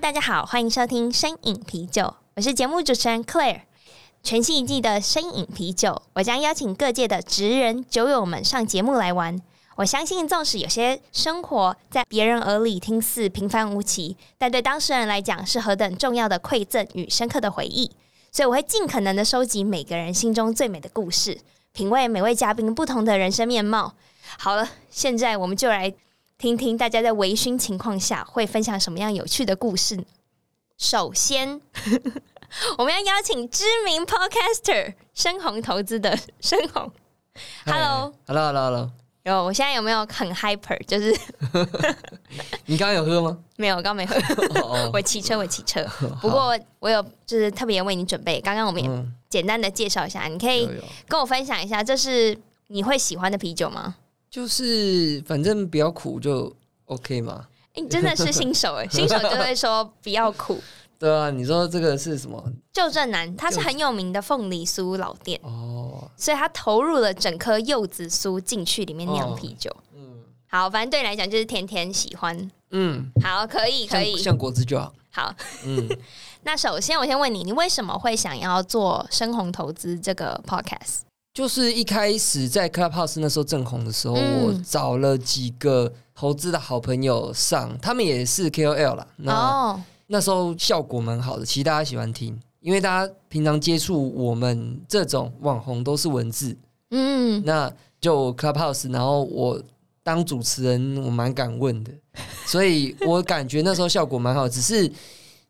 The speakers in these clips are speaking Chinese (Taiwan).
大家好，歡迎收聽《深影啤酒》，我是節目主持人 Claire。全新一季的《深飲啤酒》，我將邀請各界的職人酒友們上節目來玩。我相信，縱使有些生活在別人耳裡聽似平凡無奇，但對當事人來講是何等重要的饋贈與深刻的回憶。所以，我會盡可能的收集每個人心中最美的故事，品味每位嘉賓不同的人生面貌。好了，現在我們就來。聽聽大家在微醺情況下會分享什麼樣有趣的故事。首先，我們要邀請知名 Podcaster 升鴻投資的升鴻。Hello，Hello，Hello，Hello。有，我現在有沒有很 hyper？就是你剛剛有喝嗎？沒有，我剛沒喝。我騎車，我騎車。不過我有，就是特別為你準備。剛剛我們也簡單的介紹一下，你可以跟我分享一下，這是你會喜歡的啤酒嗎？就是反正比較苦就 OK 嘛哎，欸、你真的是新手哎、欸， 新手就會說比較苦。 對啊，你說這個是什麼？舊振南，它是很有名的鳳梨酥老店哦，所以他投入了整顆柚子酥進去裡面釀啤酒。哦、嗯，好，反正對你來講就是甜甜喜歡。嗯，好，可以可以像，像果汁就好。好，嗯， 那首先我先問你，你為什麼會想要做升鴻投資這個 podcast？就是一開始在 Clubhouse 那時候正紅的時候，嗯、我找了幾個投資的好朋友上，他們也是 KOL 啦。那、哦、那時候效果蠻好的，其實大家喜歡聽，因為大家平常接觸我們這種網紅都是文字，嗯，那就 Clubhouse，然後我當主持人，我蠻敢問的，所以我感覺那時候效果蠻好的， 只是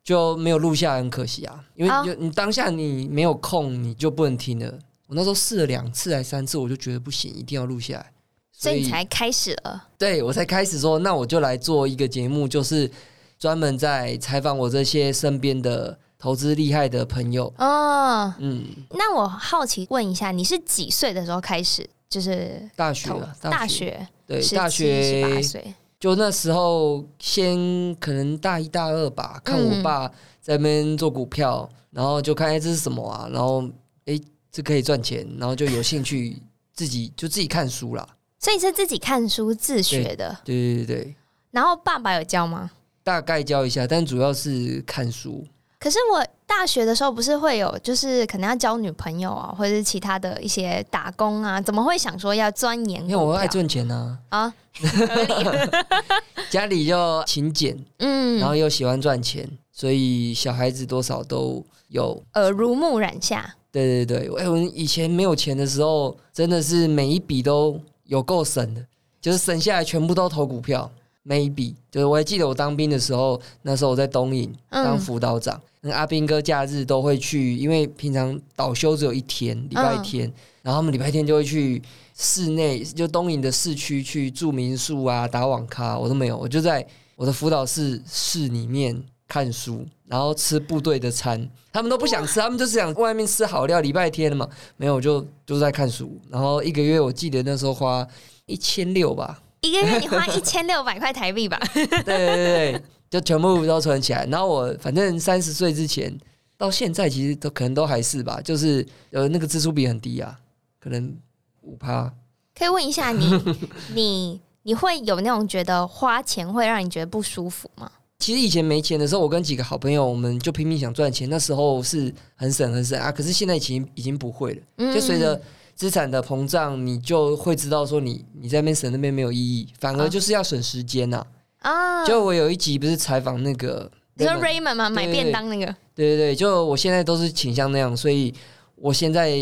就沒有錄下，很可惜啊，因為就你當下你沒有空，你就不能聽了。我那時候試了兩次還三次，我就覺得不行，一定要錄下來，所以，所以你才開始了。對，我才開始說，那我就來做一個節目，就是專門在採訪我這些身邊的投資厲害的朋友。哦，嗯，那我好奇問一下，你是幾歲的時候開始？就是大學，大學，大學對，大學十八歲，就那時候先可能大一大二吧，看我爸在那邊做股票，嗯、然後就看哎、欸、這是什麼啊，然後哎。欸是可以賺錢，然後就有興趣自己 就自己看書啦。所以你是自己看書自學的。對對對對。然後爸爸有教嗎？大概教一下，但主要是看書。可是我大學的時候不是會有，就是可能要交女朋友啊，或者是其他的一些打工啊，怎麼會想說要鑽研？因為我愛賺錢呢。啊。啊 合理 家裡就勤儉，嗯，然後又喜歡賺錢，所以小孩子多少都有耳濡目染下。對對對，我以前沒有錢的時候，真的是每一筆都有夠省的，就是省下來全部都投股票。每一筆，就是我還記得我當兵的時候，那時候我在東營當輔導長，嗯、那阿兵哥假日都會去，因為平常倒休只有一天，禮拜天，嗯、然後他們禮拜天就會去市內，就東營的市區去住民宿啊，打網咖，我都沒有，我就在我的輔導室室裡面。看書，然後吃部隊的餐，他們都不想吃，哇他們就是想外面吃好料。禮拜天了嘛，沒有我就就在看書。然後一個月，我記得那時候花一千六吧，一個月你花一千六百塊台幣吧。 對對對，就全部都存起來。 然後我反正三十歲之前到現在，其實都可能都還是吧，就是呃那個支出比很低啊，可能五趴。可以問一下你， 你你會有那種覺得花錢會讓你覺得不舒服嗎？其實以前沒錢的時候，我跟幾個好朋友，我們就拼命想賺錢。那時候是很省很省啊，可是現在其實已經不會了。嗯嗯嗯，就隨着資產的膨脹，你就會知道說你，你你在那邊省那邊沒有意義，反而就是要省時間吶。啊，哦、就我有一集不是採訪那個 Raymond，你說 Raymond 嘛，對買便當那個？對對對，就我現在都是傾向那樣，所以我現在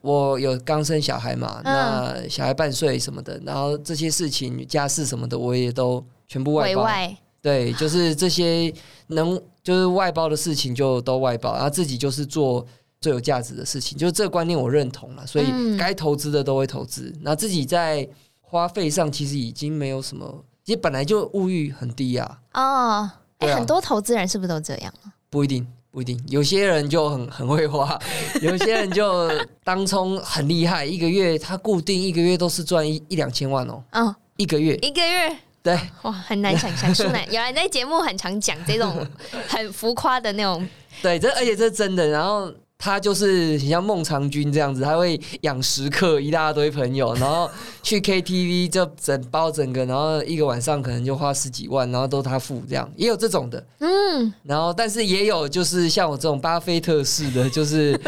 我有剛生小孩嘛，那小孩半歲什麼的，然後這些事情家事什麼的，我也都全部外包。對，就是這些能就是外包的事情就都外包，然後自己就是做最有價值的事情，就這個觀念我認同了，所以該投資的都會投資，嗯、然後自己在花費上其實已經沒有什麼，其實本來就物慾很低呀。啊，哦啊很多投資人是不是都這樣？啊？不一定，不一定，有些人就很很會花，有些人就當沖很厲害， 一個月他固定一個月都是賺一一兩千萬哦。嗯、哦，一個月，一個月。對，哇，很難想象。蘇南原來那節目很常講這種很浮誇的那種， 對，這而且這是真的。然後他就是很像孟嘗君這樣子，他會養食客一大堆朋友，然後去 KTV 就整包整個，然後一個晚上可能就花十幾萬，然後都他付這樣，也有這種的。嗯，然後但是也有就是像我這種巴菲特式的，就是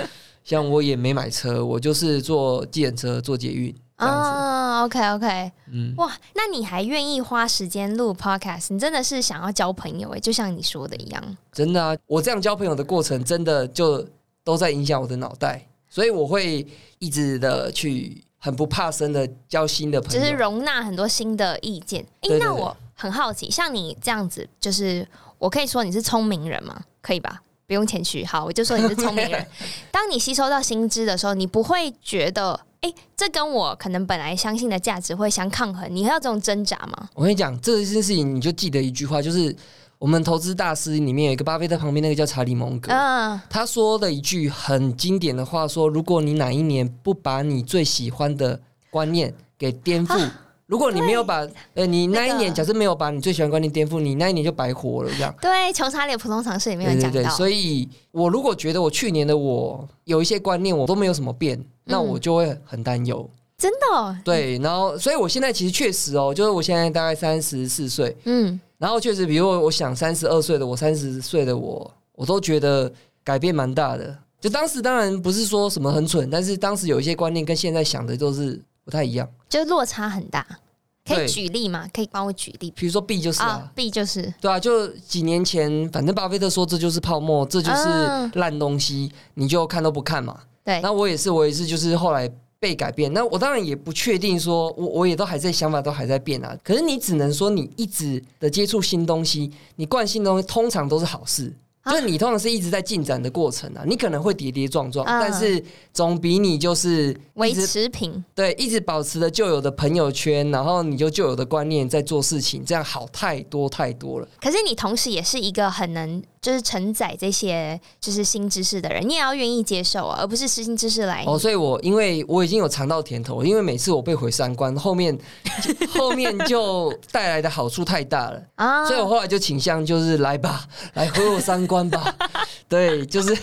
像我也沒買車，我就是坐計程車坐捷運。啊、oh，OK OK，嗯，哇，那你還願意花時間錄 Podcast？你真的是想要交朋友哎，就像你說的一樣，真的啊！我這樣交朋友的過程，真的就都在影響我的腦袋，所以我會一直的去很不怕生的交新的朋友，就是容納很多新的意見。欸、對對對對，那我很好奇，像你這樣子，就是我可以說你是聰明人嗎？可以吧？不用謙虛，好，我就說你是聰明人。 當你吸收到新知的時候，你不會覺得。欸、這跟我可能本來相信的價值會相抗衡，你還有這種掙扎嗎？我跟你講，這件事情你就記得一句話，就是我們投資大師裡面有一個巴菲特旁邊那個叫查理蒙格，啊、他說的一句很經典的話，說如果你哪一年不把你最喜歡的觀念給顛覆。啊如果你沒有把呃對、欸，你那一年假設沒有把你最喜歡觀念顛覆，你那一年就白活了，這樣。對，窮查理的普通常識也沒有講到。對，對、對，所以，我如果覺得我去年的我有一些觀念，我都沒有什麼變，嗯、那我就會很擔憂。真的、哦。對，然後，所以我現在其實確實哦，就是我現在大概三十四歲，嗯，然後確實，比如我想三十二歲的我，三十歲的我，我都覺得改變蠻大的。就當時當然不是說什麼很蠢，但是當時有一些觀念跟現在想的都、就是。不太一樣，就是落差很大。可以舉例嗎？對可以幫我舉例？比如說 B 就是啊、oh，B 就是對啊，就幾年前，反正巴菲特說這就是泡沫，這就是爛東西，uh, 你就看都不看嘛。對，那我也是，我也是，就是後來被改變。那我當然也不確定說，說我我也都還在，想法都還在變啊。可是你只能說，你一直的接觸新東西，你慣性東西通常都是好事。就是你通常是一直在進展的過程啊，你可能會跌跌撞撞，嗯、但是總比你就是維持平。對，一直保持着舊有的朋友圈，然後你就舊有的觀念在做事情，這樣好太多太多了。可是你同時也是一個很能就是承載這些就是新知識的人，你也要願意接受啊，而不是實新知識來哦。所以我因為我已經有嘗到甜頭，因為每次我被毀三觀，後面後面就帶來的好處太大了啊，哦、所以我後來就傾向就是來吧，來毀我三觀。 對，就是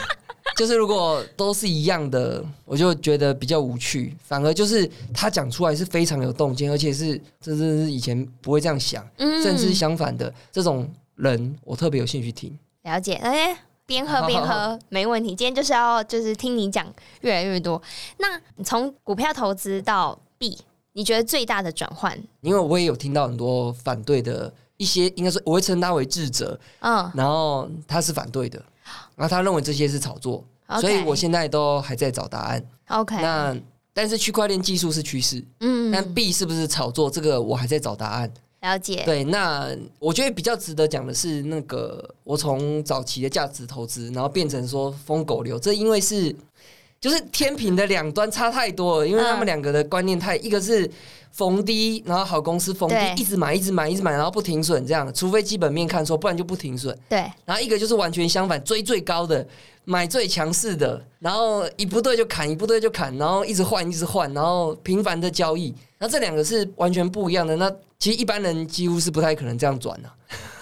就是，如果都是一樣的，我就覺得比較無趣。反而就是他講出來是非常有動靜，而且是真的是以前不會這樣想，嗯，甚至是相反的這種人，我特別有興趣聽。了解，而且邊喝邊喝好好好，沒問題。今天就是要就是聽你講越來越多。那你從股票投資到幣，你覺得最大的轉換？因為我也有聽到很多反對的。一些應該說，我會稱他為智者，嗯，oh. 然後他是反對的，然後他認為這些是炒作，Okay. 所以我現在都還在找答案。OK，那但是區塊鏈技術是趨勢，嗯，但幣是不是炒作，這個我還在找答案。了解，對，那我覺得比較值得講的是那個，我從早期的價值投資，然後變成說瘋狗流，這因為是就是天平的兩端差太多了，因為他們兩個的觀念太、嗯、一個是。逢低，然後好公司逢低對一直買，一直買，一直買，然後不停損，這樣。除非基本面看錯，不然就不停損。對。然後一個就是完全相反，追最高的，買最強勢的，然後一不對就砍，一不對就砍，然後一直換，一直換，然後頻繁的交易。那這兩個是完全不一樣的。那其實一般人幾乎是不太可能這樣轉的、啊。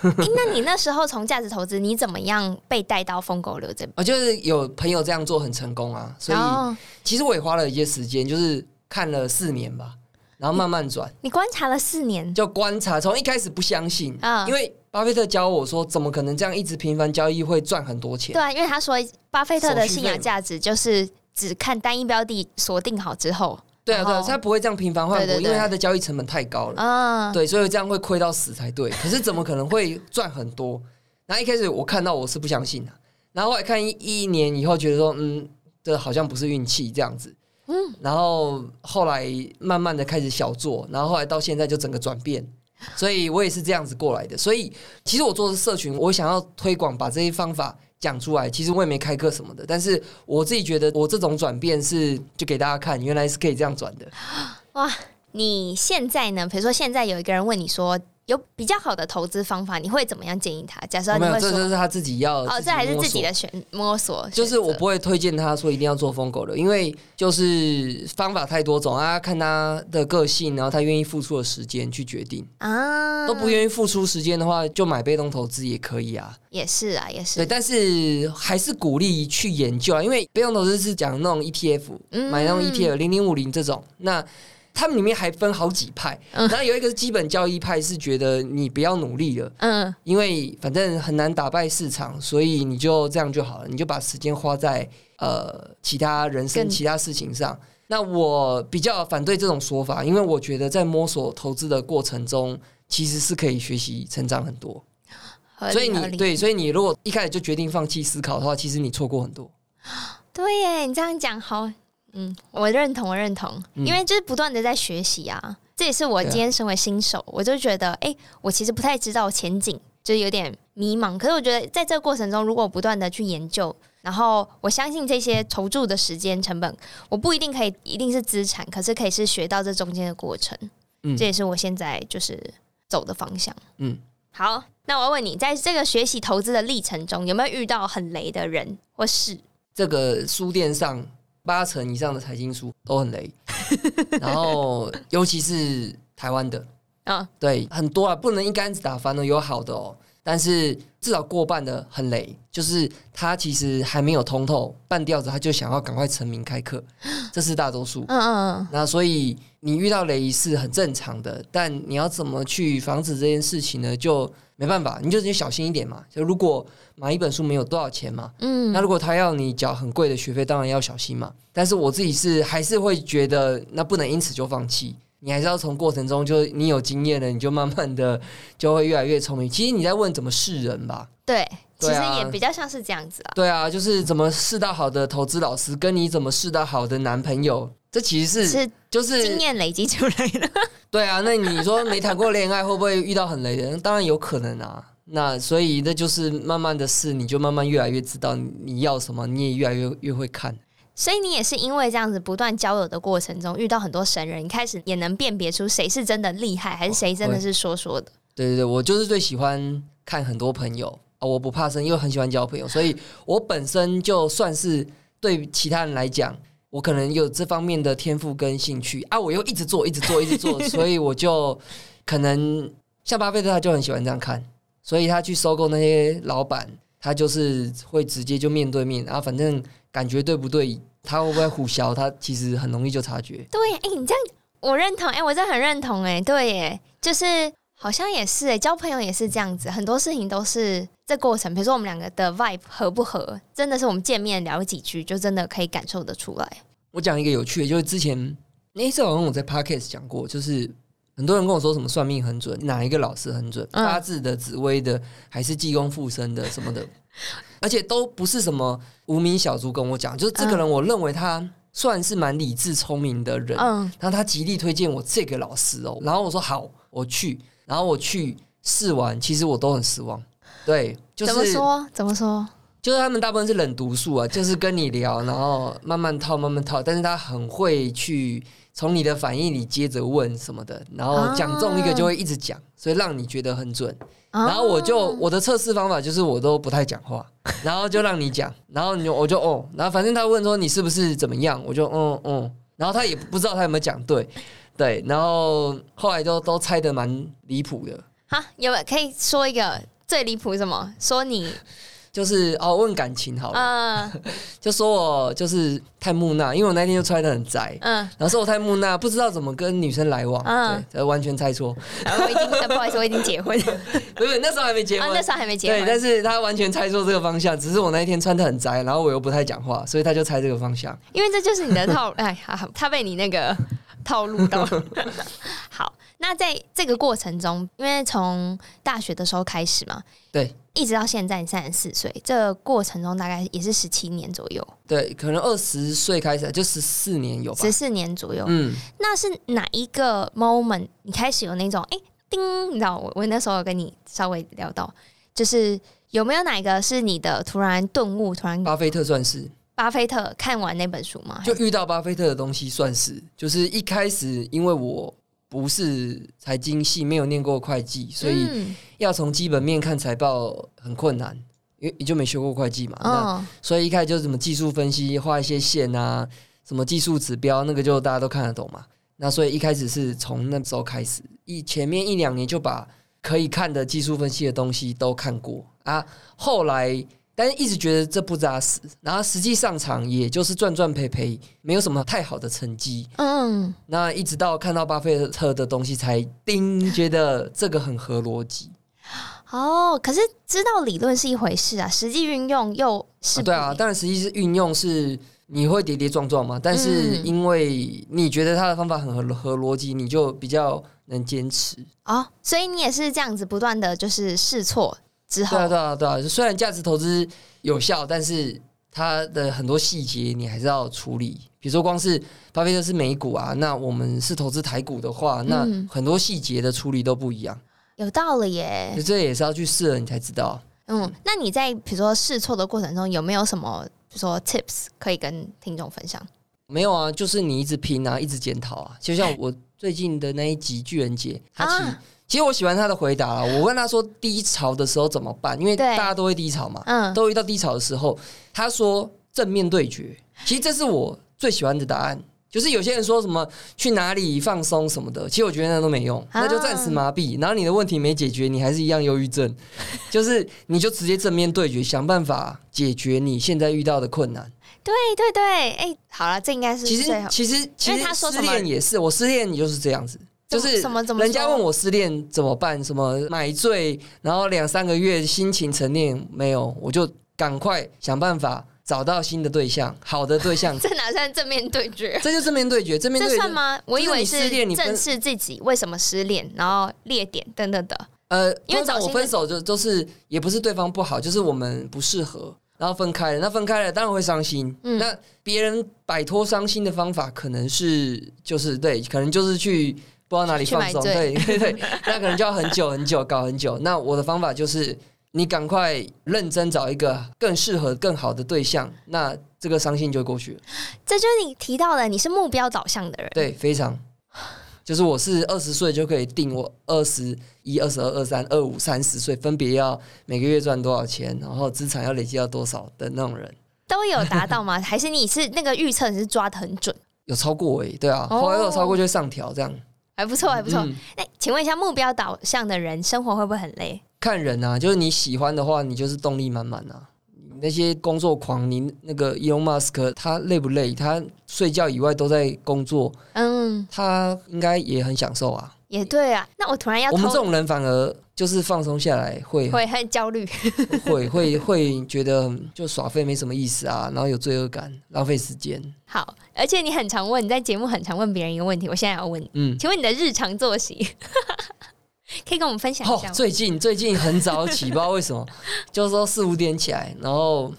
對 那你那時候從價值投資，你怎麼樣被帶到瘋狗流這邊？啊，就是有朋友這樣做很成功啊，所以後其實我也花了一些時間，就是看了四年吧。然後慢慢轉你，你觀察了四年，就觀察從一開始不相信，啊，因為巴菲特教我說，怎麼可能這樣一直頻繁交易會賺很多錢？對啊，因為他說巴菲特的信仰價值就是只看單一標的鎖定好之後，對啊，對，他不會這樣頻繁換股，對對對對，因為他的交易成本太高了啊，對，所以這樣會虧到死才對。可是怎麼可能會賺很多？ 然後一開始我看到我是不相信的，啊，然後，後來看一年以後，覺得說，嗯，這好像不是運氣這樣子。嗯，然後後來慢慢的開始小做，然後後來到現在就整個轉變，所以我也是這樣子過來的。所以其實我做的社群，我想要推廣，把這些方法講出來。其實我也沒開課什麼的，但是我自己覺得我這種轉變是就給大家看，原來是可以這樣轉的。哇，你現在呢？比如說現在有一個人問你說，有比較好的投資方法，你會怎麼樣建議他？假設、哦、沒有，這就是他自己要自己哦，這還是自己的選摸索選。就是我不會推薦他說一定要做瘋狗的，因為就是方法太多種啊，看他的個性，然後他願意付出的時間去決定啊。都不願意付出時間的話，就買被動投資也可以啊。也是啊，也是。對，但是還是鼓勵去研究，啊，因為被動投資是講那種 ETF，嗯，買那種 ETF 零零五零這種那。他們裡面還分好幾派，然後有一個是基本教義派，是覺得你不要努力了，嗯，因為反正很難打敗市場，所以你就這樣就好了，你就把時間花在呃其他人生、其他事情上。那我比較反對這種說法，因為我覺得在摸索投資的過程中，其實是可以學習、成長很多。所以你對，所以你如果一開始就決定放棄思考的話，其實你錯過很多。對耶，你這樣講好。嗯，我認同，我認同，因為就是不斷的在學習啊，嗯、這也是我今天身為新手，啊、我就覺得，哎、欸，我其實不太知道前景，就有點迷茫。可是我覺得在這個過程中，如果不斷的去研究，然後我相信這些投注的時間成本，我不一定可以一定是資產，可是可以是學到這中間的過程。嗯、這也是我現在就是走的方向。嗯，好，那我問你，在這個學習投資的歷程中，有沒有遇到很雷的人或是這個書店上？八成以上的財經書都很雷， 然後尤其是台灣的啊，對，很多啊，不能一竿子打翻的，有好的哦。但是至少過半的很雷，就是他其實還沒有通透，半吊子他就想要趕快成名開課，這是大多數。嗯、嗯，那所以你遇到雷是很正常的，但你要怎麼去防止這件事情呢？就沒辦法，你就直接小心一點嘛。就如果買一本書沒有多少錢嘛，嗯，那如果他要你繳很貴的學費，當然要小心嘛。但是我自己是還是會覺得，那不能因此就放棄。你還是要從過程中，就是你有經驗了，你就慢慢的就會越來越聰明。其實你在問怎麼識人吧？對，其實也比較像是這樣子。對啊，就是怎麼試到好的投資老師，跟你怎麼試到好的男朋友，這其實是就是經驗累積出來的。對啊，那你說沒談過戀愛會不會遇到很雷人？當然有可能啊。那所以那就是慢慢的試，你就慢慢越來越知道你要什麼，你也越來越越會看。所以你也是因為這樣子不斷交友的過程中，遇到很多神人，一開始也能辨別出誰是真的厲害，還是誰真的是說說的。Oh, I, 對對對，我就是最喜歡看很多朋友啊，我不怕生，因為很喜歡交朋友，所以我本身就算是對其他人來講，我可能有這方面的天賦跟興趣啊，我又一直做，一直做，一直做， 所以我就可能像巴菲特，他就很喜歡這樣看，所以他去收購那些老板，他就是會直接就面對面，啊，反正感覺對不對？他會不會互消？他其實很容易就察覺。對、就、呀、是，哎，你這樣，我認同。哎，我真的很認同、欸。哎，對、欸，哎，就是好像也是、欸，哎，交朋友也是這樣子，很多事情都是這過程。比如說，我們兩個的 vibe 合不合，真的是我們見面聊幾句，就真的可以感受得出來。我講一個有趣的，就是之前那次好像我在 Podcast 講過，就是。很多人跟我說什麼算命很準，哪一個老師很準？八字的、嗯、紫微的，還是濟公附身的什麼的？而且都不是什麼無名小卒跟我講，就是這個人，我認為他算是蠻理智聰明的人，嗯，然後他極力推薦我這個老師哦。然後我說好，我去，然後我去試完，其實我都很失望。對，就是怎麼說？怎麼說？就是他們大部分是冷讀術啊，就是跟你聊，Okay. 然後慢慢套，慢慢套，但是他很會去。從你的反應裡接着問什麼的，然後講中一個就會一直講，啊、所以讓你覺得很準。啊、然後我就我的測試方法就是我都不太講話，然後就讓你講， 然後你就我就哦，然後反正他問說你是不是怎麼樣，我就嗯嗯，然後他也不知道他有沒有講對，對，然後後來就都猜得蠻離譜的。好，有可以說一個最離譜什麼？說你。 就是哦，問感情好了，uh, 就說我就是太木訥，因為我那天就穿的很宅，嗯，uh, 然後說我太木訥，不知道怎麼跟女生來往，嗯、uh, 對，完全猜錯。然後、啊、我已經 不好意思，我已經結婚了， 不是那時候還沒結婚，那時候還沒結婚，啊、結婚對，但是他完全猜錯這個方向，只是我那天穿的很宅，然後我又不太講話，所以他就猜這個方向，因為這就是你的套路， 哎，好，他被你那個。套路到 好，那在這個過程中，因為從大學的時候開始嘛，對，一直到現在你三十四歲，這個、過程中大概也是十七年左右，對，可能二十歲開始就十四年有，十四年左右，嗯，那是哪一個 moment 你開始有那種哎、欸，叮？你知道我我那時候有跟你稍微聊到，就是有沒有哪一個是你的突然頓悟，突然巴菲特算是。巴菲特看完那本書嗎？就遇到巴菲特的東西，算是就是一開始，因為我不是財經系，沒有念過會計，所以要從基本面看財報很困難，因為也就沒學過會計嘛。那所以一開始就是什麼技術分析，畫一些線啊，什麼技術指標，那個就大家都看得懂嘛。那所以一開始是從那時候開始，一前面一兩年就把可以看的技術分析的東西都看過啊，後來。但一直覺得這不紮實，然後實際上場也就是賺賺賠賠，沒有什麼太好的成績。嗯，嗯，那一直到看到巴菲特的東西，才丁覺得這個很合邏輯。哦，可是知道理論是一回事啊，實際運用又是啊對啊。當然，實際是運用是你會跌跌撞撞嘛，但是因為你覺得他的方法很合合邏輯，你就比較能堅持。啊、哦，所以你也是這樣子不斷的就是試錯。之後對啊，對啊，對啊！雖然價值投資有效，但是它的很多細節你還是要處理。比如說，光是巴菲特是美股啊，那我們是投資台股的話，嗯、那很多細節的處理都不一樣。有道理耶！這也是要去試了，你才知道。嗯，那你在比如說試錯的過程中，有沒有什麼比如說 tips 可以跟聽眾分享？沒有啊，就是你一直拼啊，一直檢討啊。就像我最近的那一集巨人傑，哎、奇啊。其實我喜歡他的回答啊，我問他說，低潮的時候怎麼辦？因為大家都會低潮嘛，嗯，都遇到低潮的時候，他說正面對決。其實這是我最喜歡的答案。就是有些人說什麼去哪裡放鬆什麼的，其實我覺得那都沒用，那就暫時麻痹。哦，然後你的問題沒解決，你還是一樣憂鬱症。就是你就直接正面對決，想辦法解決你現在遇到的困難。對對對，哎、欸，好了，這應該是，其實，其實，其實他說的話也是，我失戀，你就是這樣子。就是人家問我失戀怎麼辦？什麼買醉，然後兩三個月心情沉澱沒有，我就趕快想辦法找到新的對象，好的對象。這哪算正面對決？這就正面對決，正面對決。這算嗎？我以為是正視自己為什麼失戀，然後裂點等等的。呃，因為找我分手就就是，也不是對方不好，就是我們不適合，然後分開了。那分開了當然會傷心。嗯，那別人擺脫傷心的方法，可能是就是對，可能就是去。不知道哪裡放鬆買，對對對，那可能就要很久很久 搞很久。那我的方法就是，你趕快認真找一個更適合、更好的對象，那這個傷心就過去了。這就是你提到的，你是目標導向的人，對，非常。就是我是二十歲就可以定我二十一、二十二、二三、二五、三十歲分別要每個月賺多少錢，然後資產要累積到多少的那種人，都有達到嗎？ 還是你是那個預測是抓得很準？有超過哎、欸，對啊，如果有超過就會上調這樣。還不錯，還不錯。那、嗯、請問一下，目標導向的人生活會不會很累？看人啊，就是你喜歡的話，你就是動力滿滿啊。那些工作狂，你那個 Elon Musk 他累不累？他睡覺以外都在工作，嗯，他應該也很享受啊。也對啊，那我突然要我們這種人反而。就是放鬆下來會會很焦慮，會會會覺得就耍廢沒什麼意思啊，然後有罪惡感，浪費時間，嗯。好，而且你很常問，你在節目很常問別人一個問題，我現在要問你，嗯，請問你的日常作息哈哈可以跟我們分享一下？哦，最近最近很早起，不知道為什麼，就是說四五點起來，然後。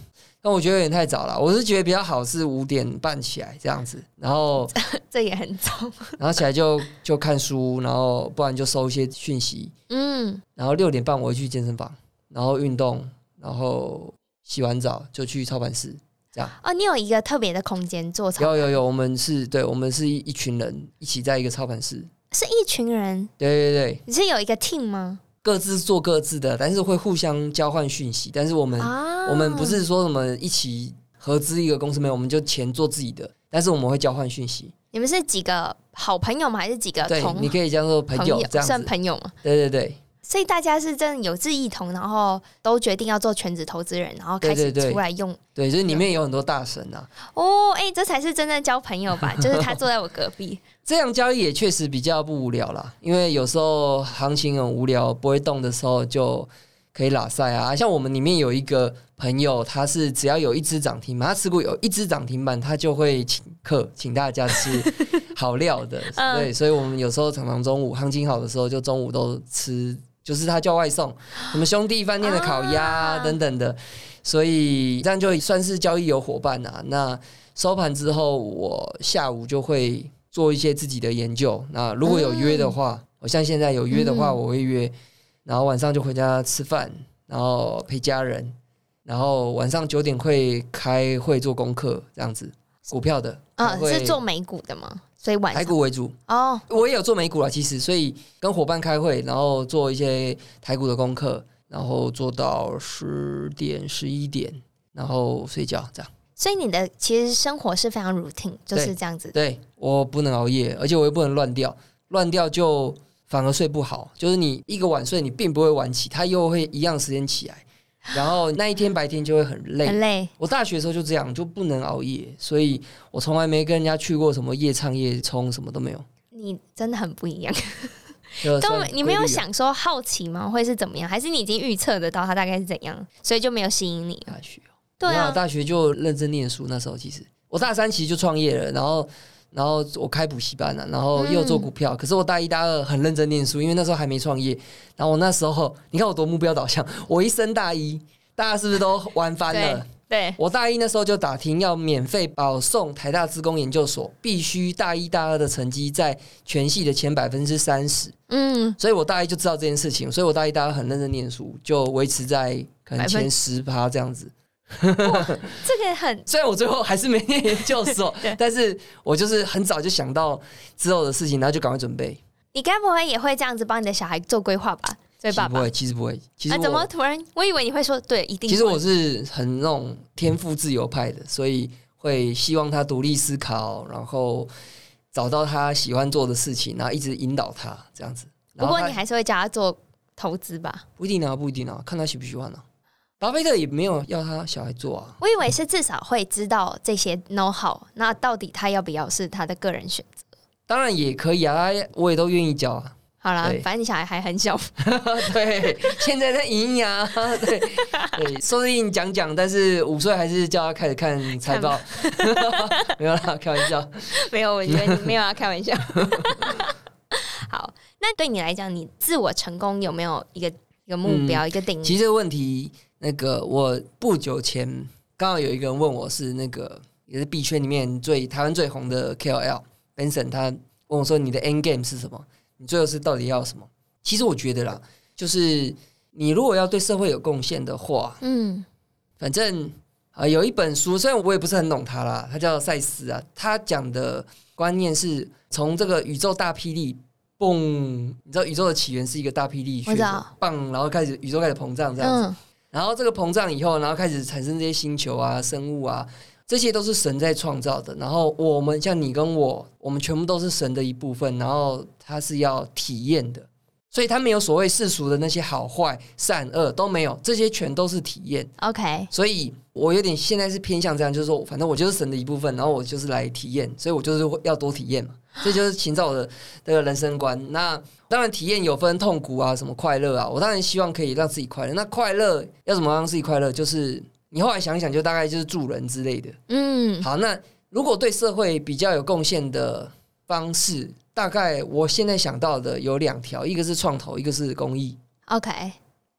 但我覺得有點太早了，我是覺得比較好是五點半起來這樣子，然後這也很早，然後起來就就看書，然後不然就收一些訊息，嗯，然後六點半我會去健身房，然後運動，然後洗完澡就去操盤室，這樣。哦，你有一個特別的空間做操？有有有，我們是對，我們是一一群人一起在一個操盤室，是一群人。對對對，你是有一個 team 嗎？各自做各自的，但是會互相交換訊息，但是我們我們不是說什麼一起合資一個公司沒有，我們就錢做自己的，但是我們會交換訊息。你們是幾個好朋友嗎？還是幾個同？你可以叫做朋友，朋友這樣子算朋友嗎？對對對。所以大家是真的有志一同，然後都決定要做全職投資人，然後開始對對對出來用。對，就是裡面有很多大神吶、啊嗯。哦，哎、欸，這才是真正交朋友吧？ 就是他坐在我隔壁，這樣交易也確實比較不無聊啦，因為有時候行情很無聊，不會動的時候就。可以拉賽啊，像我們裡面有一個朋友，他是只要有一隻漲停板，他持股有一隻漲停板，他就會請客，請大家吃好料的， 嗯、對，所以我們有時候常常中午行情好的時候，就中午都吃，就是他叫外送，什麼兄弟飯店的烤鴨、啊、等等的，啊啊啊所以這樣就算是交易有夥伴吶、啊。那收盤之後，我下午就會做一些自己的研究。那如果有約的話，嗯嗯我像現在有約的話，我會約。嗯嗯然後晚上就回家吃飯，然後陪家人，然後晚上九點會開會做功課這樣子。股票的，呃、啊、是做美股的嗎？所以晚上台股為主哦。Oh, okay. 我也有做美股啦，其實，所以跟夥伴開會，然後做一些台股的功課，然後做到十點十一點，然後睡覺這樣。所以你的其實生活是非常 routine，就是這樣子對。對，我不能熬夜，而且我又不能亂掉，亂掉就。反而睡不好，就是你一個晚睡，你並不會晚起，他又會一樣時間起來，然後那一天白天就會很累，啊、很累。我大學的時候就這樣，就不能熬夜，所以我從來沒跟人家去過什麼夜唱夜衝，什麼都沒有。你真的很不一樣，但、 啊、你沒有想說好奇嗎？會是怎麼樣？還是你已經預測得到他大概是怎樣，所以就沒有吸引你？大學對啊，啊，大學就認真念書。那時候其實我大三其實就創業了，然後，然後我開補習班了，然後又做股票。嗯、可是我大一、大二很認真念書，因為那時候還沒創業。然後我那時候，你看我多目標導向。我一升大一，大家是不是都玩翻了？對，對。我大一那時候就打聽要免費保送台大資工研究所，必須大一、大二的成績在全系的前百分之三十。嗯，所以我大一就知道這件事情，所以我大一、大二很認真念書，就維持在可能前十趴這樣子。這個很，雖然我最後還是沒念研究所， 對但是我就是很早就想到之後的事情，然後就趕快準備。你該不會也會這樣子幫你的小孩做規劃吧？爸爸不會，其實不會。其實、啊、怎麼突然？我以為你會說對，一定。其實我是很那種天賦自由派的，所以會希望他獨立思考，然後找到他喜歡做的事情，然後一直引導他這樣子。不過你還是會教他做投資吧？不一定啊，不一定啊，看他喜不喜歡啊。巴菲特也沒有要他小孩做啊，我以為是至少會知道這些 know how，、嗯、那到底他要不要是他的個人選擇？當然也可以啊，我也都願意教啊。好了啦，對反正你小孩還很小， 對， 現在在營養、啊，對，所以你講講，但是五歲還是叫他開始看財報， 沒有啦，開玩笑， 沒有，我覺得你沒有要開玩笑。 好，那對你來講，你自我成功有沒有一個一個目標、嗯、一個定義？其實這個問題。那個我不久前剛好有一個人問我，是那個也是幣圈裡面最台灣最紅的 K O L Benson，他問我說：“你的 End Game 是什麼？你最後是到底要什麼？”其實我覺得啦，就是你如果要對社會有貢獻的話，嗯，反正啊，有一本書，雖然我也不是很懂他啦，他叫賽斯啊，他講的觀念是從這個宇宙大霹靂，嘣，你知道宇宙的起源是一個大霹靂，我嘣，然後開始宇宙開始膨脹這樣子。嗯然後這個膨脹以後，然後開始產生這些星球啊、生物啊，這些都是神在創造的。然後我們像你跟我，我們全部都是神的一部分。然後他是要體驗的，所以他沒有所謂世俗的那些好壞、善惡都沒有，這些全都是體驗。OK。所以我有點現在是偏向這樣，就是說，反正我就是神的一部分，然後我就是來體驗，所以我就是要多體驗嘛。這就是秦照的這個人生觀。那當然，體驗有分痛苦啊，什麼快樂啊。我當然希望可以讓自己快樂。那快樂要怎麼讓自己快樂？就是你後來想一想，就大概就是助人之類的。嗯，好。那如果對社會比較有貢獻的方式，大概我現在想到的有兩條：一個是創投，一個是公益。OK，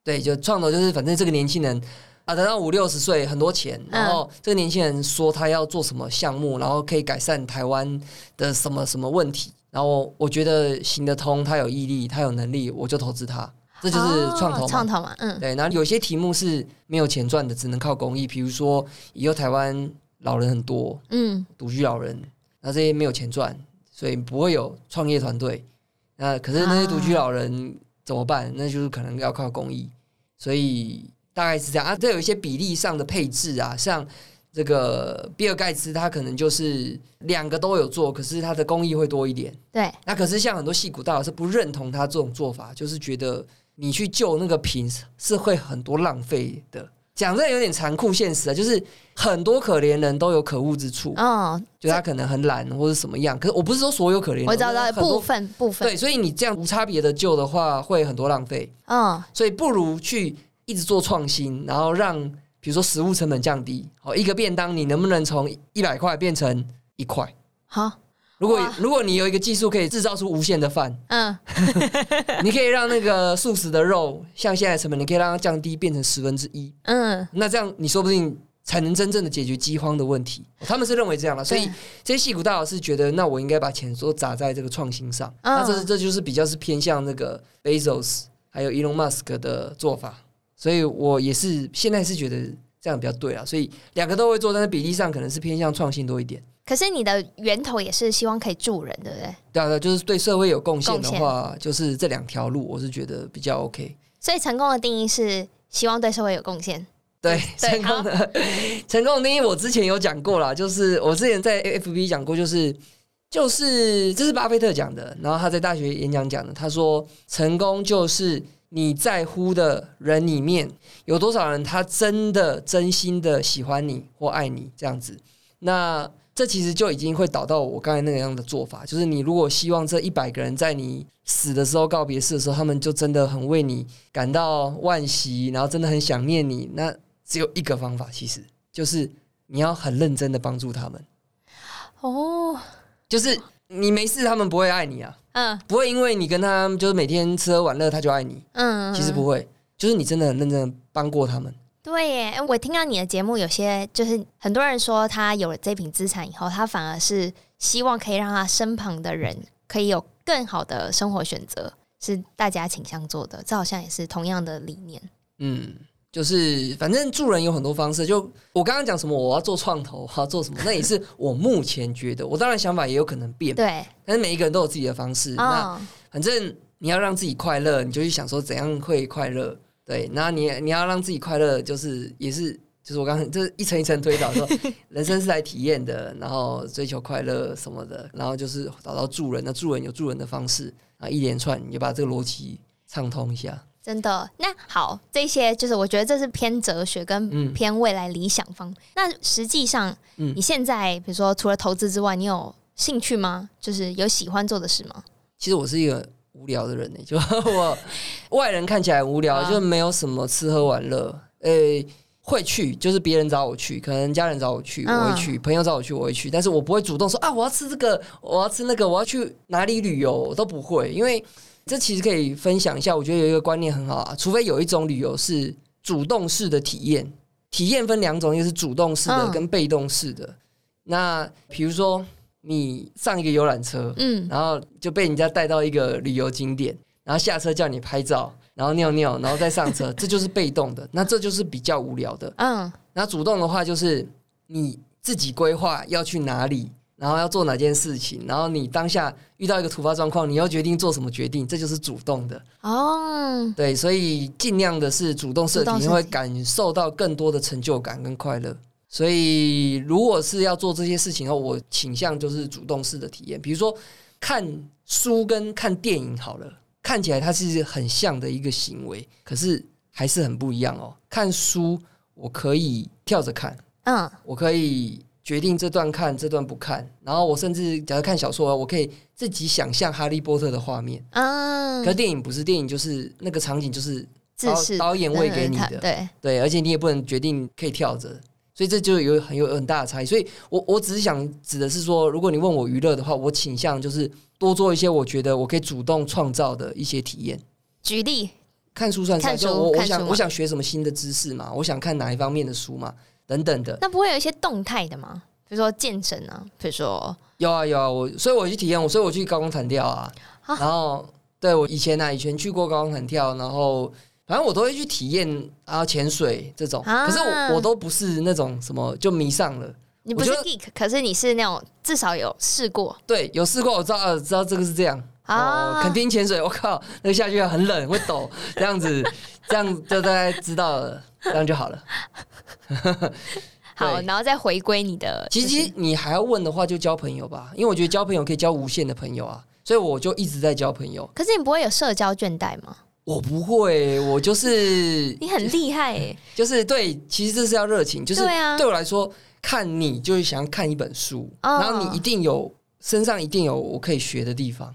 對，就創投就是反正這個年輕人。啊，等到五六十歲，很多錢。然後這個年輕人說他要做什麼項目，嗯、然後可以改善台灣的什麼什麼問題。然後我覺得行得通，他有毅力，他有能力，我就投資他。這就是創投，創投嘛，哦、創投嘛，嗯、對，然後有些題目是沒有錢賺的，只能靠公益。比如說，以後台灣老人很多，嗯，獨居老人，那這些沒有錢賺，所以不會有創業團隊。那可是那些獨居老人怎麼辦？啊、那就是可能要靠公益，所以。大概是這樣啊，這有一些比例上的配置啊，像這個比爾蓋茨他可能就是兩個都有做，可是他的公益會多一點。對，那可是像很多矽谷大佬是不認同他這種做法，就是覺得你去救那個貧，是會很多浪費的。講真的，有點殘酷現實啊，就是很多可憐人都有可惡之處。嗯、哦，就他可能很懶或者什麼樣。可是我不是說所有可憐人，我找到一部分部分。部分對，所以你這樣無差別的救的話，會很多浪費。嗯、哦，所以不如去。一直做創新，然後讓比如說食物成本降低，好，一個便當，你能不能從一百塊變成一塊？好，Huh ? oh. 如果如果你有一個技術可以制造出無限的飯，嗯，uh. 你可以讓那個素食的肉像現在的成本，你可以讓它降低，變成十分之一。嗯，uh. 那這樣你說不定才能真正的解決饑荒的問題。他們是認為這樣的，所以這些矽谷大佬是覺得，那我應該把錢都砸在這個創新上。Uh. 那這這就是比較是偏向那個 Bezos 還有 Elon Musk 的做法。所以我也是現在是覺得這樣比較對啊，所以兩個都會做，但是比例上可能是偏向創新多一點。可是你的源頭也是希望可以助人，對不對？對啊，對，就是對社會有貢獻的話，獻就是這兩條路，我是覺得比較 OK。所以成功的定義是希望對社會有貢獻。對，對成功的好 成功的定義，我之前有講過啦，就是我之前在 FB 講過，就是，就是就是這是巴菲特講的，然後他在大學演講講的，他說成功就是。你在乎的人裡面有多少人，他真的真心的喜歡你或愛你這樣子？那這其實就已經會導到我剛才那樣的做法，就是你如果希望這一百個人在你死的時候告別式的時候，他們就真的很為你感到惋惜，然後真的很想念你，那只有一個方法，其實就是你要很認真的幫助他們。哦，就是你沒事，他們不會愛你啊。嗯，不會，因為你跟他就是每天吃喝玩樂，他就愛你。嗯，其實不會，就是你真的很認真幫過他們。對耶，我聽到你的節目，有些就是很多人說，他有了這筆資產以後，他反而是希望可以讓他身旁的人可以有更好的生活選擇，是大家傾向做的。這好像也是同樣的理念。嗯。就是，反正助人有很多方式。就我剛剛講什麼我，我要做創投，我要做什麼， 那也是我目前覺得，我當然想法也有可能變。對。但是每一個人都有自己的方式。Oh. 那反正你要讓自己快樂，你就去想說怎樣會快樂。對。那你你要讓自己快樂，就是，就是也是就是我剛就是一層一層推導說， 人生是來體驗的，然後追求快樂什麼的，然後就是找到助人，那助人有助人的方式啊，然後一連串你就把這個邏輯暢通一下。真的，那好，這些就是我覺得這是偏哲學跟偏未來理想方。嗯、那實際上，你現在比如說除了投資之外，你有興趣嗎？嗯嗯、就是有喜歡做的事嗎？其實我是一個無聊的人呢、欸，就我外人看起來無聊， 就沒有什麼吃喝玩樂。誒、嗯欸，會去就是別人找我去，可能家人找我去我會去，嗯、朋友找我去我會去，但是我不會主動說啊，我要吃這個，我要吃那個，我要去哪裡旅遊，我都不會，因為。這其實可以分享一下，我覺得有一個觀念很好啊。除非有一種旅遊是主動式的體驗，體驗分兩種，一個是主動式的，跟被動式的。Oh. 那比如說你上一個遊覽車，嗯，然後就被人家帶到一個旅遊景點，然後下車叫你拍照，然後尿尿，然後再上車，這就是被動的。 那這就是比較無聊的。嗯，oh. 那主動的話就是你自己規劃要去哪裡。然後要做哪件事情？然後你當下遇到一個突發狀況，你要決定做什麼決定？這就是主動的哦。Oh. 對，所以尽量的是主動式，你會感受到更多的成就感跟快樂。所以如果是要做這些事情的話，我傾向就是主動式的體驗。比如說看書跟看電影，好了，看起來它是很像的一個行為，可是還是很不一樣哦。看書我可以跳着看，嗯，uh. 我可以。決定這段看，這段不看，然後我甚至假如看小說，我可以自己想象哈利波特的畫面啊。嗯、可電影不是電影，就是那個場景，就是導，持導演餵給你的，對對，而且你也不能決定可以跳着，所以這就有很有很大的差異。所以我我只是想指的是說，如果你問我娛樂的話，我傾向就是多做一些我覺得我可以主動創造的一些體驗。舉例，看書算什麼？看書就我書我想、啊、我想學什麼新的知識嘛？我想看哪一方面的書嘛？等等的，那不會有一些動態的嗎？比如說健身啊，比如說有啊有啊，我所以我去體驗，我所以我去高空彈跳啊，啊然後對我以前呢、啊，以前去過高空彈跳，然後反正我都會去體驗啊潛水這種，啊、可是我我都不是那種什麼就迷上了，你不是 geek，可是你是那種至少有試過，對，有試過，我知道、呃、知道這個是這樣啊、呃，肯定潛水，我、喔、靠，那個、下去很冷， 會抖這樣子。 這樣就大概知道了， 這樣就好了。好，然後再回歸你的。其實你還要問的話，就交朋友吧，因為我覺得交朋友可以交無限的朋友啊，所以我就一直在交朋友。可是你不會有社交倦怠嗎？我不會，我就是你很厲害，就是對。其實這是要熱情，就是對我來說，看你就是想要看一本書，然後你一定有身上一定有我可以學的地方。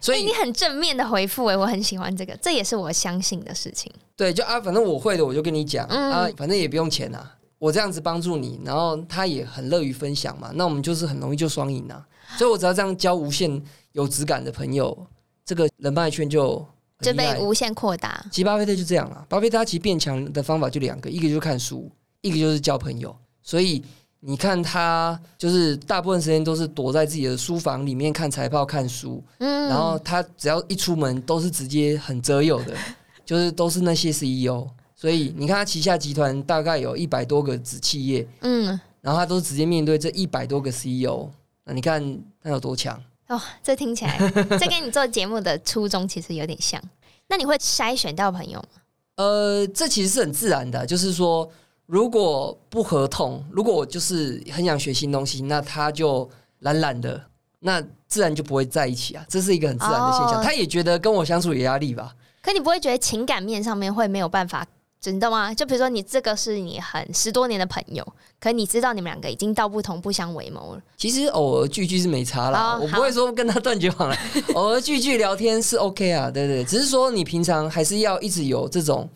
所以、欸、你很正面的回復哎，欸，我很喜歡這個，這也是我相信的事情。對，就啊，反正我會的，我就跟你講，嗯、啊，反正也不用錢吶，啊，我這樣子幫助你，然後他也很樂於分享嘛，那我們就是很容易就雙贏吶。所以我只要這樣交無限有質感的朋友，嗯、這個人脈圈就真的無限擴大。其實巴菲特就這樣了，巴菲特他其實變強的方法就兩個，一個就是看書，一個就是交朋友。所以。你看他，就是大部分時間都是躲在自己的書房裡面看財報、看書，嗯，然後他只要一出門，都是直接很擇友的， 就是都是那些 CEO。所以你看他旗下集團大概有一百多個子企業，嗯，然後他都直接面對這一百多個 CEO。那你看他有多強？哦，這聽起來，這跟你做節目的初衷其實有點像。 那你會篩選到朋友嗎？呃，這其實是很自然的，就是說。如果不合同，如果我就是很想學新東西，那他就懶懶的，那自然就不會在一起啊。這是一個很自然的現象。Oh, 他也覺得跟我相處有壓力吧？可你不會覺得情感面上面會沒有辦法，真的嗎？就比如說你這個是你很十多年的朋友，可你知道你們兩個已經道不同不相為謀了。其實偶爾聚聚是沒差啦，oh, 我不會說跟他斷絕往來，好偶爾聚聚聊天是 OK 啊，對對對，只是說你平常還是要一直有這種。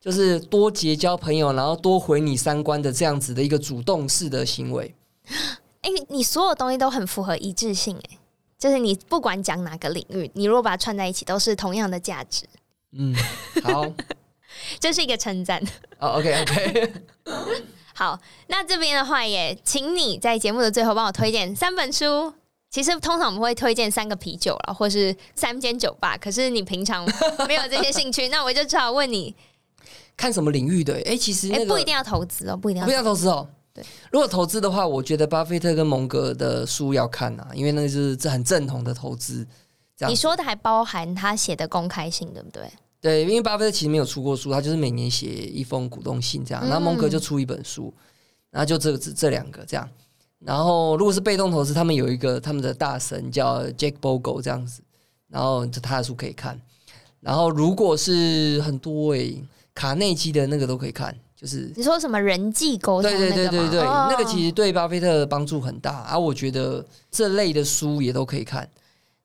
就是多結交朋友，然後多毀你三觀的這樣子的一個主動式的行為。哎、欸，你所有東西都很符合一致性、欸，哎，就是你不管講哪個領域，你如果把它串在一起，都是同樣的價值。嗯，好，這 是一個稱讚。哦、oh,，OK，OK okay ,、okay。 好，那這邊的話也請你在節目的最後幫我推薦三本書。其實通常我們會推薦三個啤酒啦，或是三間酒吧。可是你平常沒有這些興趣， 那我就只好問你。看什麼領域的、欸？哎、欸，其實哎、那個，欸，不一定要投資哦，不一定要。不一定要投資哦、喔。對，如果投資的話，我覺得巴菲特跟蒙格的書要看啊，因為那個是這很正統的投資。這樣。你說的還包含他寫的公開信，對不對？對，因為巴菲特其實沒有出過書，他就是每年寫一封股東信這樣。然後蒙格就出一本書，然後就這個、這這兩個這樣。然後如果是被動投資，他們有一個他們的大神叫 Jack Bogle 這樣子，然後就他的書可以看。然後如果是很多哎。卡內基的那個都可以看，就是你說什麼人際溝通？對對對對對，Oh. 那個其實對巴菲特幫助很大啊。我覺得這類的書也都可以看，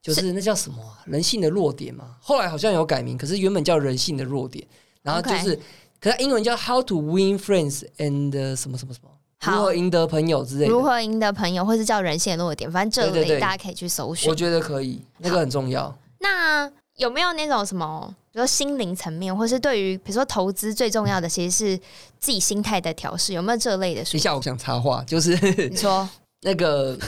就是，是那叫什麼、啊《人性的弱點》嘛，後來好像有改名，可是原本叫《人性的弱點》，然後就是，Okay. 可是英文叫《How to Win Friends and 什麼什麼什麼》好，如何贏得朋友之類的，如何贏得朋友，或是叫《人性的弱點》，反正這類大家可以去搜尋，我覺得可以，那個很重要。那有沒有那種什麼？比如說心靈層面，或是對於比如說投資最重要的，其實是自己心態的調試，有沒有這類的？等一下，我想插話，就是你說 那個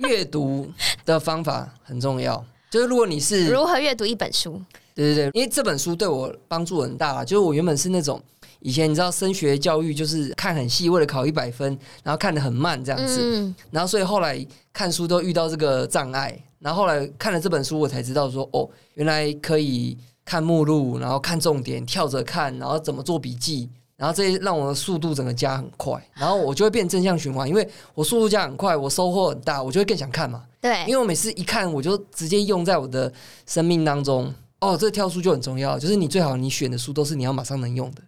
閱 讀的方法很重要，就是如果你是如何閱讀一本書？對對對，因為這本書對我幫助很大啦。就是我原本是那種以前你知道升學教育就是看很細，為了考一百分，然後看得很慢這樣子，嗯、然後所以後來看書都遇到這個障礙，然後，後來看了這本書，我才知道說哦，原來可以。看目錄，然後看重點，跳着看，然後怎麼做筆記，然後這些讓我的速度整個加很快，然後我就會變成正向循環，因為我速度加很快，我收穫很大，我就會更想看嘛。對，因為我每次一看，我就直接用在我的生命當中。哦，這跳書就很重要，就是你最好你選的書都是你要馬上能用的，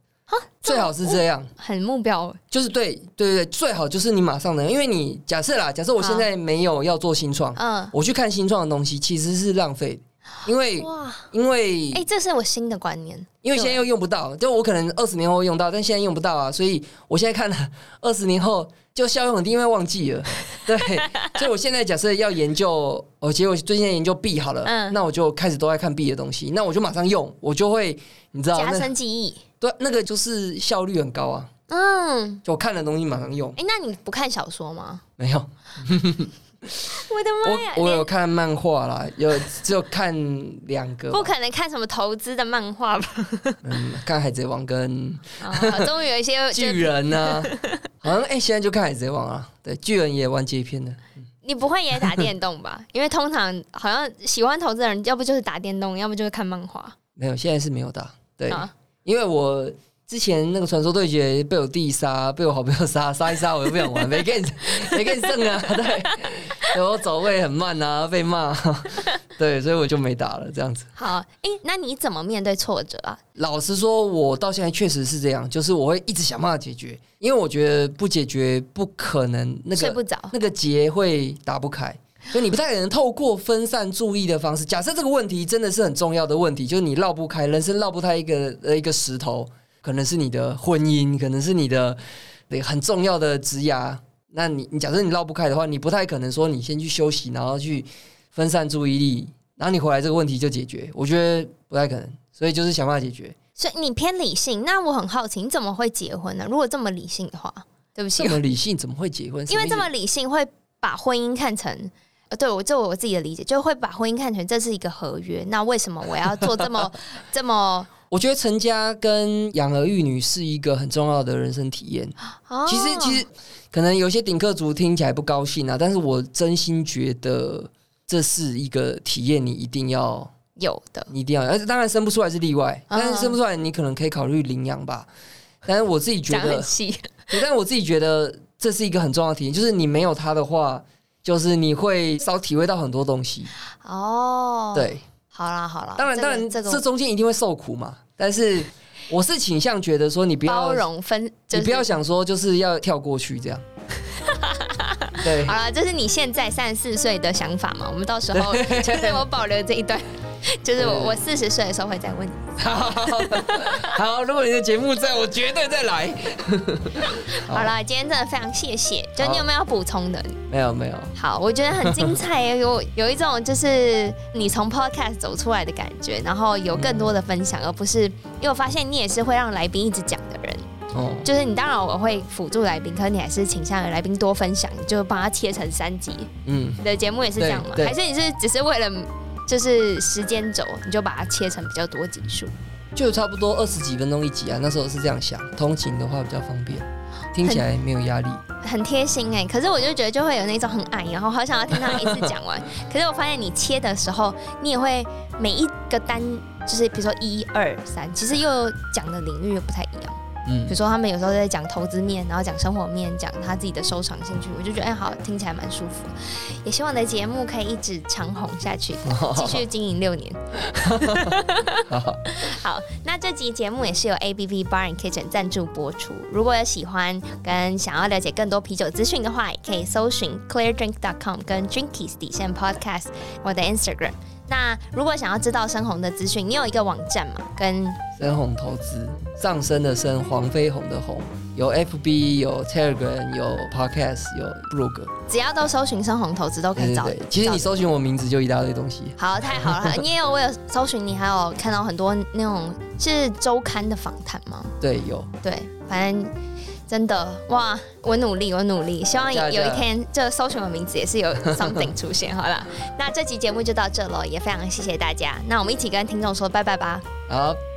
最好是這樣，很目標，就是對對對對，最好就是你馬上能，因為你假設啦，假設我現在沒有要做新創，嗯，我去看新創的東西其實是浪費。因為因為哎、欸，這是我新的觀念。因為現在又用不到，對就我可能二十年後用到，但現在用不到啊。所以我現在看了二十年後就效用很低，因為忘記了。對， 所以我現在假設要研究，哦，結果我最近研究 B 好了，嗯，那我就開始都在看 B 的東西，那我就馬上用，我就會，你知道，加深記憶。對，那個就是效率很高啊。嗯，就我看的東西馬上用。哎、欸，那你不看小說嗎？沒有。 我的媽呀，我，我有看漫畫啦，有 只有看兩個，不可能看什麼投資的漫畫吧？嗯，看《海賊王》跟、哦《海賊王》跟終於有一些巨人呢、啊， 好像哎、欸，現在就看《海賊王》啊，對，巨人也玩這一片的。嗯、你不會也打電動吧？ 因為通常好像喜歡投資的人，要不就是打電動，要不就是看漫畫。沒有，現在是沒有打。對，啊、因為我之前那個《傳說對決》被我弟殺，被我好朋友殺，殺一殺我又不想玩， 沒給你，沒給你剩啊，對。然後走位很慢啊，被罵啊，對，所以我就沒打了這樣子。好，哎，那你怎麼面對挫折啊？老實說，我到現在確實是這樣，就是我會一直想辦法解決，因為我覺得不解決不可能，那個睡不着，那個結會打不開。所以你不太可能透過分散注意的方式，假設這個問題真的是很重要的問題，就是你繞不開，人生繞不開一個呃、一個石頭，可能是你的婚姻，可能是你的對，很重要的職涯。那你你假設你繞不開的話，你不太可能說你先去休息，然後去分散注意力，然後你回來這個問題就解決。我覺得不太可能，所以就是想辦法解決。所以你偏理性，那我很好奇，你怎麼會結婚呢？如果這麼理性的話，對不起，這麼理性怎麼會結婚？因為這麼理性會把婚姻看成，呃，對我就我自己的理解，就會把婚姻看成這是一個合約。那為什麼我要做這麼 這麼？我覺得成家跟養兒育女是一個很重要的人生體驗。哦。其實其實。可能有些頂客族聽起來不高興啊，但是我真心覺得這是一個體驗，你一定要有的，你一定要。而且當然生不出來是例外，uh huh. 但是生不出來你可能可以考慮領養吧。但是我自己覺得，但是我自己覺得這是一個很重要的體驗， 就是你沒有它的話，就是你會少體會到很多東西。哦、oh, 對，對，好啦好啦，當然、這個、當然這中間一定會受苦嘛，但是。我是傾向覺得說，你不要包容分，你不要想說就是要跳過去這樣 對。對，好了，這是你現在三十四歲的想法嘛，我們到時候就對我保留這一段。對 就是我，我四十歲的時候會再問你好。好，如果你的節目在我絕對再來。好了，好好今天真的非常謝謝。就你有沒有要補充的？沒有，沒有。好，我覺得很精彩，有有一種就是你從 podcast 走出來的感覺，然後有更多的分享，嗯、而不是因為我發現你也是會讓來賓一直講的人。哦。就是你當然我會輔助來賓，可是你還是傾向於來賓多分享，就幫他切成三集。嗯。你的節目也是這樣嗎？還是你是只是為了？就是時間軸，你就把它切成比較多集數，就差不多二十幾分鐘一集啊。那時候是這樣想，通勤的話比較方便，聽起來沒有壓力，很貼心哎。可是我就覺得就會有那種很愛，然後好想要聽他一次講完。 可是我發現你切的時候，你也會每一個單，就是比如說一二三，其實又講的領域又不太一樣。嗯，比如說他們有時候在講投資面，然後講生活面，講他自己的收藏興趣，我就覺得哎，好聽起來蠻舒服。也希望我的節目可以一直長紅下去，繼、哦、續經營六年。 好，好，那這集節目也是由 ABV Bar and Kitchen 贊助播出。如果有喜歡跟想要了解更多啤酒資訊的話，也可以搜尋 Clairedrink dot com 跟 Drinkies 底線 Podcast 我的 Instagram。那如果想要知道升鴻的資訊，你有一個網站嘛？跟升鴻投資。上升的“升”，黃飛鴻的“鴻”，有 FB，有 Telegram，有 Podcast，有 blog，只要都搜尋“升鴻投資”都可以找。對對對，其實你搜尋我名字就一大堆東西。好，太好了， 你也有，我有搜尋你，還有看到很多那種是周刊的訪談嗎？對，有。對，反正真的哇，我努力，我努力，希望有一天就搜尋我名字也是有 something 出現。 好了，那這期節目就到這了，也非常謝謝大家，那我們一起跟聽眾說拜拜吧。好。